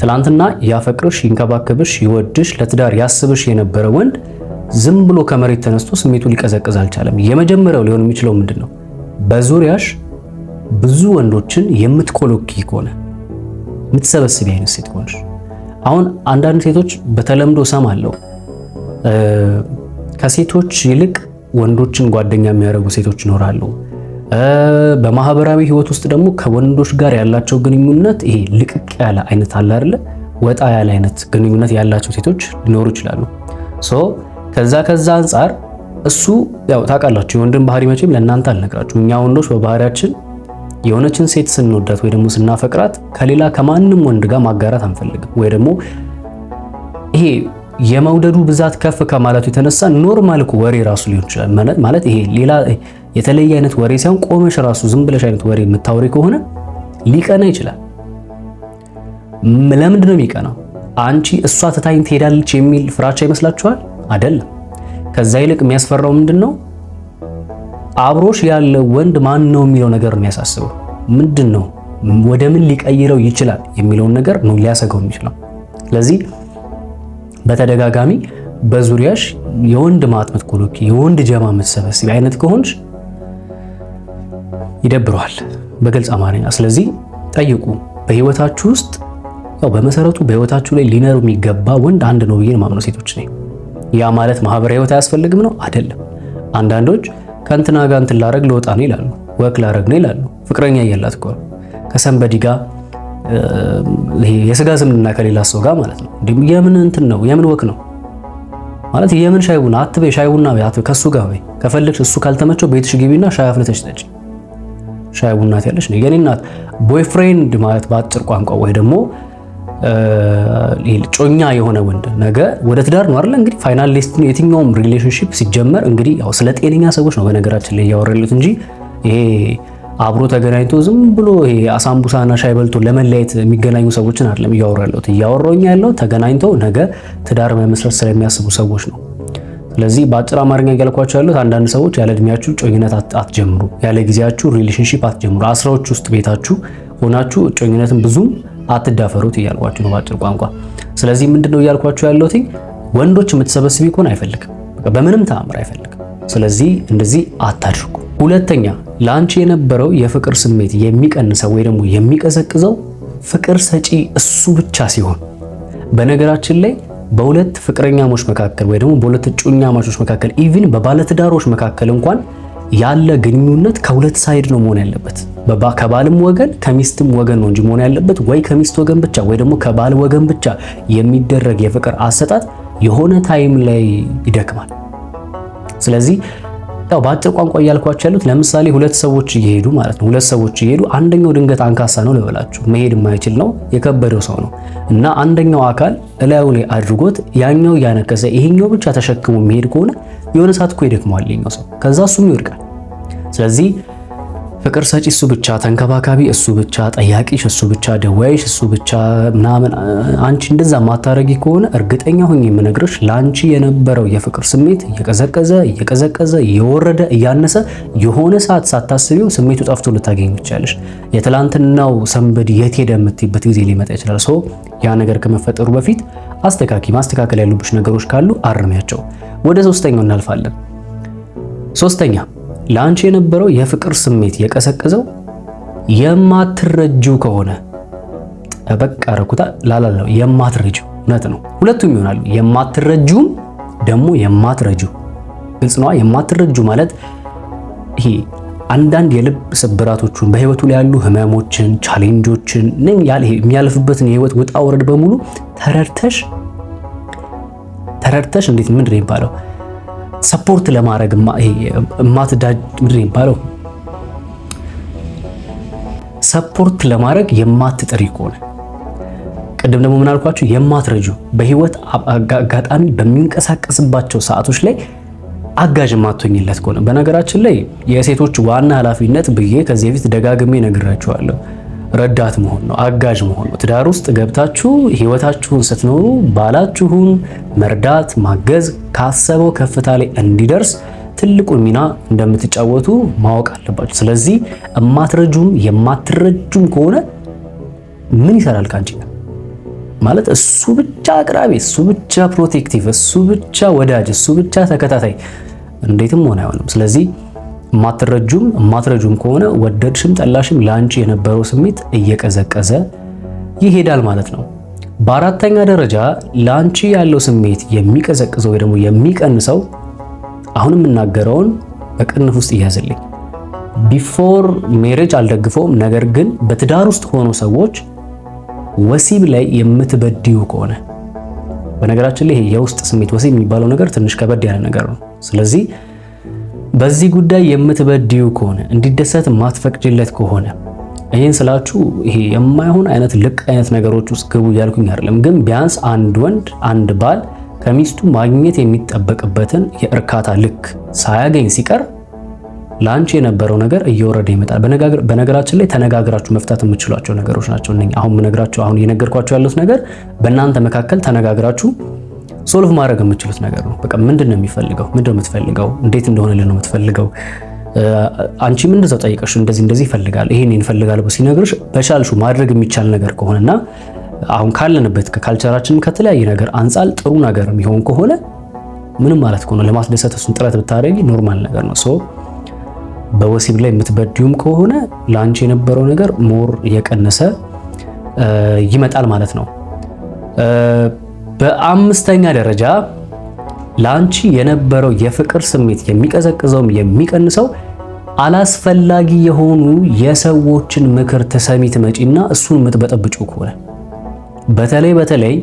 ትላንትና ያፈቅርሽ፣ ይንከባከብሽ፣ ይወድሽ፣ ለትዳር ያስብሽ የነበረ ወንድ ዝም ብሎ ከመሬት ተነስቶ ስሜቱ ሊቀዘቅዝ አልቻለም። የመጀመሪያው ሊሆን የሚችለው ምንድን ነው? በዙሪያሽ ብዙ ወንዶችን የምትኮሎኪ ከሆነ የምትሰበስብ አይነት ሴት ከሆነሽ። አሁን አንዳንድ ሴቶች በተለምዶ አለው። ከሴቶች ይልቅ ወንዶችን ጓደኛ የሚያደርጉ ሴቶች ይኖራሉ በማህበራዊ ህይወት ውስጥ ደግሞ ከወንዶች ጋር ያላቸው ግንኙነት ይሄ ልቅቅ ያለ አይነት አለ አይደለ፣ ወጣ ያለ አይነት ግንኙነት ያላቸው ሴቶች ሊኖሩ ይችላሉ። ሶ ከዛ ከዛ አንጻር እሱ ያው ታውቃላችሁ፣ የወንድን ባህሪ መቼም ለእናንተ አልነግራችሁ። እኛ ወንዶች በባህሪያችን የሆነችን ሴት ስንወዳት ወይ ደግሞ ስናፈቅራት ከሌላ ከማንም ወንድ ጋር ማጋራት አንፈልግም። ወይ ደግሞ ይሄ የመውደዱ ብዛት ከፍ ከማለቱ የተነሳ ኖርማል እኮ ወሬ ራሱ ሊሆን ይችላል ማለት ይሄ ሌላ የተለየ አይነት ወሬ ሳይሆን ቆመሽ ራሱ ዝም ብለሽ አይነት ወሬ የምታወሪ ከሆነ ሊቀና ይችላል። ለምንድን ነው የሚቀናው? አንቺ እሷ ትታኝ ትሄዳለች የሚል ፍራቻ ይመስላችኋል? አይደለም። ከዛ ይልቅ የሚያስፈራው ምንድን ነው? አብሮሽ ያለ ወንድ ማን ነው የሚለው ነገር ነው የሚያሳስበው። ምንድን ነው ወደ ምን ሊቀይረው ይችላል የሚለውን ነገር ነው ሊያሰጋው የሚችለው። ስለዚህ በተደጋጋሚ በዙሪያሽ የወንድ ማጥመት ኮሎኪ የወንድ ጀማ የምትሰበስቢ አይነት ከሆንሽ ይደብረዋል በግልጽ አማርኛ። ስለዚህ ጠይቁ። በህይወታችሁ ውስጥ ያው በመሰረቱ በህይወታችሁ ላይ ሊኖር የሚገባ ወንድ አንድ ነው ብዬ ማምነው ሴቶች ነኝ። ያ ማለት ማህበራዊ ህይወት አያስፈልግም ነው አይደለም። አንዳንዶች ከእንትና ጋር እንትን ላረግ ልወጣ ነው ይላሉ፣ ወክ ላረግ ነው ይላሉ። ፍቅረኛ እያላት እኮ ነው ከሰንበዲ ጋር የስጋ ዝምድና ከሌላ ሰው ጋር ማለት ነው። የምን እንትን ነው የምን ወክ ነው ማለት የምን ሻይ ቡና አትበይ፣ ሻይ ቡና ከሱ ጋር በይ። ከፈለግሽ እሱ ካልተመቸው ቤትሽ ግቢና ሻይ አፍልተሽ ጠጪ። ሻይ ቡና ያለች ነው የኔ እናት። ቦይፍሬንድ ማለት በአጭር ቋንቋ ወይ ደግሞ ጮኛ የሆነ ወንድ ነገ ወደ ትዳር ነው አይደል እንግዲህ ፋይናል ሊስት ነው። የትኛውም ሪሌሽንሺፕ ሲጀመር እንግዲህ ያው ስለ ጤነኛ ሰዎች ነው በነገራችን ላይ እያወራሉት እንጂ ይሄ አብሮ ተገናኝቶ ዝም ብሎ ይሄ አሳምቡሳና ሻይ በልቶ ለመለያየት የሚገናኙ ሰዎችን አይደለም እያወራለሁት። እያወራሁኝ ያለው ተገናኝተው ነገ ትዳር መመስረት ስለሚያስቡ ሰዎች ነው። ስለዚህ በአጭር አማርኛ እያልኳቸው ያሉት አንዳንድ ሰዎች ያለ እድሜያችሁ እጮኝነት አትጀምሩ፣ ያለ ጊዜያችሁ ሪሌሽንሺፕ አትጀምሩ፣ አስራዎች ውስጥ ቤታችሁ ሆናችሁ እጮኝነትን ብዙም አትዳፈሩት እያልኳችሁ ነው በአጭር ቋንቋ። ስለዚህ ምንድነው እያልኳችሁ ያለሁት ወንዶች የምትሰበስቢ ከሆነ አይፈልግም፣ በምንም ተአምር አይፈልግም። ስለዚህ እንደዚህ አታድርጉ። ሁለተኛ ለአንቺ የነበረው የፍቅር ስሜት የሚቀንሰው ወይ ደግሞ የሚቀዘቅዘው ፍቅር ሰጪ እሱ ብቻ ሲሆን በነገራችን ላይ በሁለት ፍቅረኛሞች መካከል ወይ ደግሞ በሁለት እጮኛማቾች መካከል ኢቭን በባለትዳሮች መካከል እንኳን ያለ ግንኙነት ከሁለት ሳይድ ነው መሆን ያለበት። ከባልም ወገን ከሚስትም ወገን ነው እንጂ መሆን ያለበት ወይ ከሚስት ወገን ብቻ ወይ ደግሞ ከባል ወገን ብቻ የሚደረግ የፍቅር አሰጣጥ የሆነ ታይም ላይ ይደክማል። ስለዚህ ያው በአጭር ቋንቋ እያልኳቸው ያሉት ለምሳሌ ሁለት ሰዎች እየሄዱ ማለት ነው። ሁለት ሰዎች እየሄዱ አንደኛው ድንገት አንካሳ ነው ልበላችሁ፣ መሄድ የማይችል ነው፣ የከበደው ሰው ነው እና አንደኛው አካል እላዩ ላይ አድርጎት ያኛው እያነከሰ ይሄኛው ብቻ ተሸክሞ የሚሄድ ከሆነ የሆነ ሰዓት እኮ ይደክመዋል ይሄኛው ሰው፣ ከዛ እሱም ይወድቃል። ስለዚህ ፍቅር ሰጪ እሱ ብቻ፣ ተንከባካቢ እሱ ብቻ፣ ጠያቂሽ እሱ ብቻ፣ ደዋይሽ እሱ ብቻ ምናምን አንቺ እንደዛ ማታረጊ ከሆነ እርግጠኛ ሆኜ የምነግርሽ ለአንቺ የነበረው የፍቅር ስሜት እየቀዘቀዘ እየቀዘቀዘ እየወረደ እያነሰ የሆነ ሰዓት ሳታስቢው ስሜቱ ጠፍቶ ልታገኝ ትችላለሽ። የትላንትናው ሰንበድ የት ሄደ የምትይበት ጊዜ ሊመጣ ይችላል። ሰው ያ ነገር ከመፈጠሩ በፊት አስተካኪ። ማስተካከል ያሉብሽ ነገሮች ካሉ አርሚያቸው። ወደ ሶስተኛው እናልፋለን። ሶስተኛ ለአንቺ የነበረው የፍቅር ስሜት የቀሰቀዘው የማትረጁ ከሆነ ጠበቅ አረኩታ ላላለው የማትረጁ እውነት ነው። ሁለቱም ይሆናሉ። የማትረጁም ደግሞ የማትረጁ ግልጽ ነዋ። የማትረጁ ማለት ይሄ አንዳንድ የልብ ስብራቶቹን በህይወቱ ላይ ያሉ ህመሞችን፣ ቻሌንጆችን ነኝ ያለ የሚያልፍበትን የህይወት ውጣ ውረድ በሙሉ ተረድተሽ ተረድተሽ እንዴት ምንድን ነው የሚባለው ሰፖርት ለማድረግ ማትዳጅ ምድር የሚባለው? ሰፖርት ለማድረግ የማትጥሪ ከሆነ ቅድም ደግሞ ምን አልኳችሁ? የማትረጁ በህይወት አጋጣሚ በሚንቀሳቀስባቸው ሰዓቶች ላይ አጋዥ የማትሆኝለት ከሆነ በነገራችን ላይ የሴቶች ዋና ኃላፊነት ብዬ ከዚህ በፊት ደጋግሜ ነግራችኋለሁ። ረዳት መሆን ነው፣ አጋዥ መሆን ነው። ትዳር ውስጥ ገብታችሁ ህይወታችሁን ስትኖሩ ባላችሁን መርዳት፣ ማገዝ ካሰበው ከፍታ ላይ እንዲደርስ ትልቁ ሚና እንደምትጫወቱ ማወቅ አለባችሁ። ስለዚህ እማትረጁም የማትረጁም ከሆነ ምን ይሰራል ካንቺ ጋር ማለት እሱ ብቻ አቅራቢ፣ እሱ ብቻ ፕሮቴክቲቭ፣ እሱ ብቻ ወዳጅ፣ እሱ ብቻ ተከታታይ እንዴትም ሆነ አይሆንም። ስለዚህ ማትረጁም ማትረጁም ከሆነ ወደድሽም ጠላሽም ለአንቺ የነበረው ስሜት እየቀዘቀዘ ይሄዳል ማለት ነው። በአራተኛ ደረጃ ለአንቺ ያለው ስሜት የሚቀዘቅዘው ወይ ደግሞ የሚቀንሰው አሁን የምናገረውን በቅንፍ ውስጥ እያዝልኝ ቢፎር ሜሬጅ አልደግፈውም። ነገር ግን በትዳር ውስጥ ሆኖ ሰዎች ወሲብ ላይ የምትበድዩ ከሆነ በነገራችን ላይ ይሄ የውስጥ ስሜት ወሲብ የሚባለው ነገር ትንሽ ከበድ ያለ ነገር ነው። ስለዚህ በዚህ ጉዳይ የምትበድዩ ከሆነ እንዲደሰት ማትፈቅድለት ከሆነ ይህን ስላችሁ ይሄ የማይሆን አይነት ልቅ አይነት ነገሮች ውስጥ ግቡ እያልኩኝ አይደለም። ግን ቢያንስ አንድ ወንድ አንድ ባል ከሚስቱ ማግኘት የሚጠበቅበትን የእርካታ ልክ ሳያገኝ ሲቀር ለአንቺ የነበረው ነገር እየወረደ ይመጣል። በነገራችን ላይ ተነጋግራችሁ መፍታት የምችሏቸው ነገሮች ናቸው። አሁን ነገራችሁ አሁን እየነገርኳቸው ያሉት ነገር በእናንተ መካከል ተነጋግራችሁ ሶልቭ ማድረግ የምችሉት ነገር ነው። በቃ ምንድን ነው የሚፈልገው? ምንድን ነው የምትፈልገው? እንዴት እንደሆነ ልን ነው የምትፈልገው? አንቺም እንደዛው ጠይቀሽ እንደዚህ እንደዚህ ይፈልጋል ይሄን ይፈልጋል ብሎ ሲነግርሽ በቻልሹ ማድረግ የሚቻል ነገር ከሆነና አሁን ካለንበት ከካልቸራችን ከተለያየ ነገር አንጻር ጥሩ ነገር የሚሆን ከሆነ ምንም ማለት ከሆነ ለማስደሰት እሱን ጥረት ብታደርጊ ኖርማል ነገር ነው። ሶ በወሲብ ላይ የምትበድዩም ከሆነ ለአንቺ የነበረው ነገር ሞር እየቀነሰ ይመጣል ማለት ነው። በአምስተኛ ደረጃ ላንቺ የነበረው የፍቅር ስሜት የሚቀዘቅዘውም የሚቀንሰው አላስፈላጊ የሆኑ የሰዎችን ምክር ትሰሚ ትመጪና እሱን የምትበጠብጩ ከሆነ በተለይ በተለይ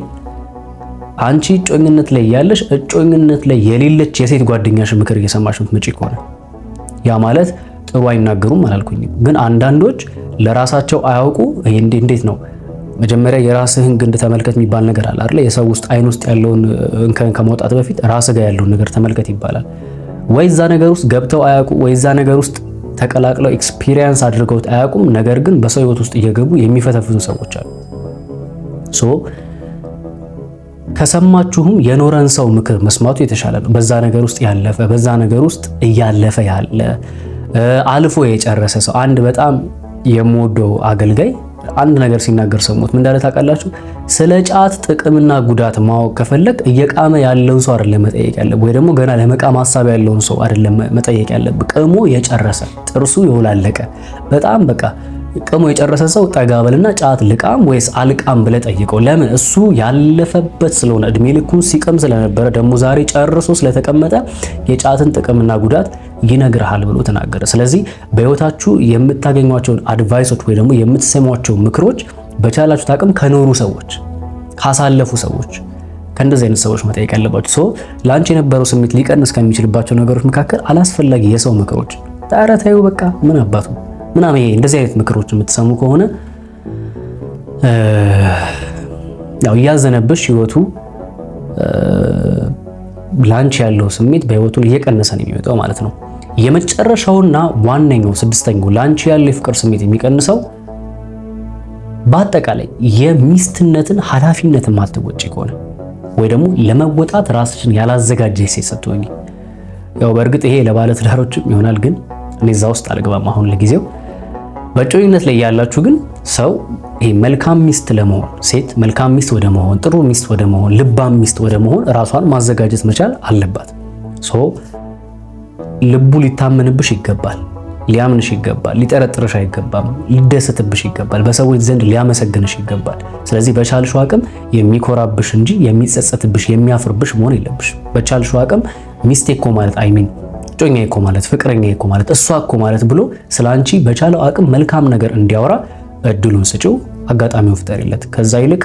አንቺ እጮኝነት ላይ ያለሽ እጮኝነት ላይ የሌለች የሴት ጓደኛሽ ምክር እየሰማሽ የምትመጪ ከሆነ ያ ማለት ጥሩ አይናገሩም አላልኩኝም፣ ግን አንዳንዶች ለራሳቸው አያውቁ። እንዴት ነው መጀመሪያ የራስህን ግንድ ተመልከት የሚባል ነገር አለ አይደል? የሰው ውስጥ አይን ውስጥ ያለውን እንከን ከመውጣት በፊት ራስህ ጋር ያለውን ነገር ተመልከት ይባላል። ወይ እዛ ነገር ውስጥ ገብተው አያውቁ፣ ወይ እዛ ነገር ውስጥ ተቀላቅለው ኤክስፒሪየንስ አድርገውት አያውቁም። ነገር ግን በሰው ህይወት ውስጥ እየገቡ የሚፈተፍቱ ሰዎች አሉ። ሶ ከሰማችሁም የኖረን ሰው ምክር መስማቱ የተሻለ ነው። በዛ ነገር ውስጥ ያለፈ በዛ ነገር ውስጥ እያለፈ ያለ አልፎ የጨረሰ ሰው አንድ በጣም የምወደው አገልጋይ አንድ ነገር ሲናገር ሰሙት። ምን እንዳለ ታውቃላችሁ? ስለ ጫት ጥቅምና ጉዳት ማወቅ ከፈለግ እየቃመ ያለውን ሰው አይደለም መጠየቅ ያለብህ፣ ወይ ደግሞ ገና ለመቃም ሀሳብ ያለውን ሰው አይደለም መጠየቅ ያለብህ። ቅሞ የጨረሰ ጥርሱ የወላለቀ በጣም በቃ ቅሞ የጨረሰ ሰው ጠጋ በልና ጫት ልቃም ወይስ አልቃም ብለ ጠይቀው። ለምን እሱ ያለፈበት ስለሆነ እድሜ ልኩን ሲቀም ስለነበረ ደግሞ ዛሬ ጨርሶ ስለተቀመጠ የጫትን ጥቅምና ጉዳት ይነግርሃል ብሎ ተናገረ። ስለዚህ በህይወታችሁ የምታገኟቸውን አድቫይሶች ወይ ደግሞ የምትሰሟቸው ምክሮች በቻላችሁት አቅም ከኖሩ ሰዎች፣ ካሳለፉ ሰዎች ከእንደዚህ አይነት ሰዎች መጠየቅ ያለባችሁ። ሰው ለአንቺ የነበረው ስሜት ሊቀንስ ከሚችልባቸው ነገሮች መካከል አላስፈላጊ የሰው ምክሮች፣ ኧረ በቃ ምን አባቱ ምናምን ይሄ እንደዚህ አይነት ምክሮች የምትሰሙ ከሆነ ያው እያዘነብሽ ህይወቱ ላንች ያለው ስሜት በህይወቱ እየቀነሰ ነው የሚመጣው ማለት ነው። የመጨረሻውና ዋነኛው ስድስተኛው ላንች ያለው የፍቅር ስሜት የሚቀንሰው በአጠቃላይ የሚስትነትን ኃላፊነት ማትወጪ ከሆነ ወይ ደግሞ ለመወጣት ራስሽን ያላዘጋጀ ሴት ስትሆኚ፣ ያው በእርግጥ ይሄ ለባለ ይሆናል፣ ግን እኔ እዛ ውስጥ አልገባም አሁን ለጊዜው በጮኝነት ላይ ያላችሁ ግን ሰው ይሄ መልካም ሚስት ለመሆን ሴት መልካም ሚስት ወደ መሆን ጥሩ ሚስት ወደ መሆን ልባም ሚስት ወደ መሆን ራሷን ማዘጋጀት መቻል አለባት። ሶ ልቡ ሊታመንብሽ ይገባል፣ ሊያምንሽ ይገባል፣ ሊጠረጥርሽ አይገባም፣ ሊደሰትብሽ ይገባል፣ በሰዎች ዘንድ ሊያመሰግንሽ ይገባል። ስለዚህ በቻልሽ አቅም የሚኮራብሽ እንጂ የሚጸጸትብሽ የሚያፍርብሽ መሆን የለብሽ። በቻልሽ አቅም ሚስቴኮ ማለት አይሚን እጮኛ እኮ ማለት ፍቅረኛ እኮ ማለት እሷ እኮ ማለት ብሎ ስለ አንቺ በቻለው አቅም መልካም ነገር እንዲያወራ እድሉን ስጪው፣ አጋጣሚውን ፍጠሪለት። ከዛ ይልቅ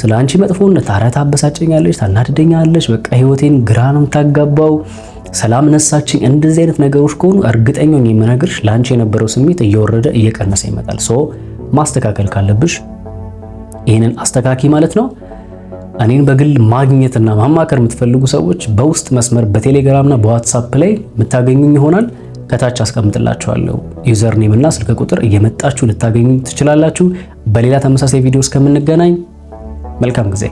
ስለ አንቺ መጥፎነት ኧረ ታበሳጨኛለች፣ ታናድደኛለች፣ በቃ ህይወቴን ግራ ነው የምታጋባው፣ ሰላም ነሳችኝ፣ እንደዚህ አይነት ነገሮች ከሆኑ እርግጠኛ ነኝ የምነግርሽ ለአንቺ የነበረው ስሜት እየወረደ እየቀነሰ ይመጣል። ሶ ማስተካከል ካለብሽ ይህንን አስተካኪ ማለት ነው። እኔን በግል ማግኘትና ማማከር የምትፈልጉ ሰዎች በውስጥ መስመር በቴሌግራምና በዋትሳፕ ላይ የምታገኙኝ ይሆናል። ከታች አስቀምጥላችኋለሁ ዩዘር ኔም እና ስልክ ቁጥር እየመጣችሁ ልታገኙ ትችላላችሁ። በሌላ ተመሳሳይ ቪዲዮ እስከምንገናኝ መልካም ጊዜ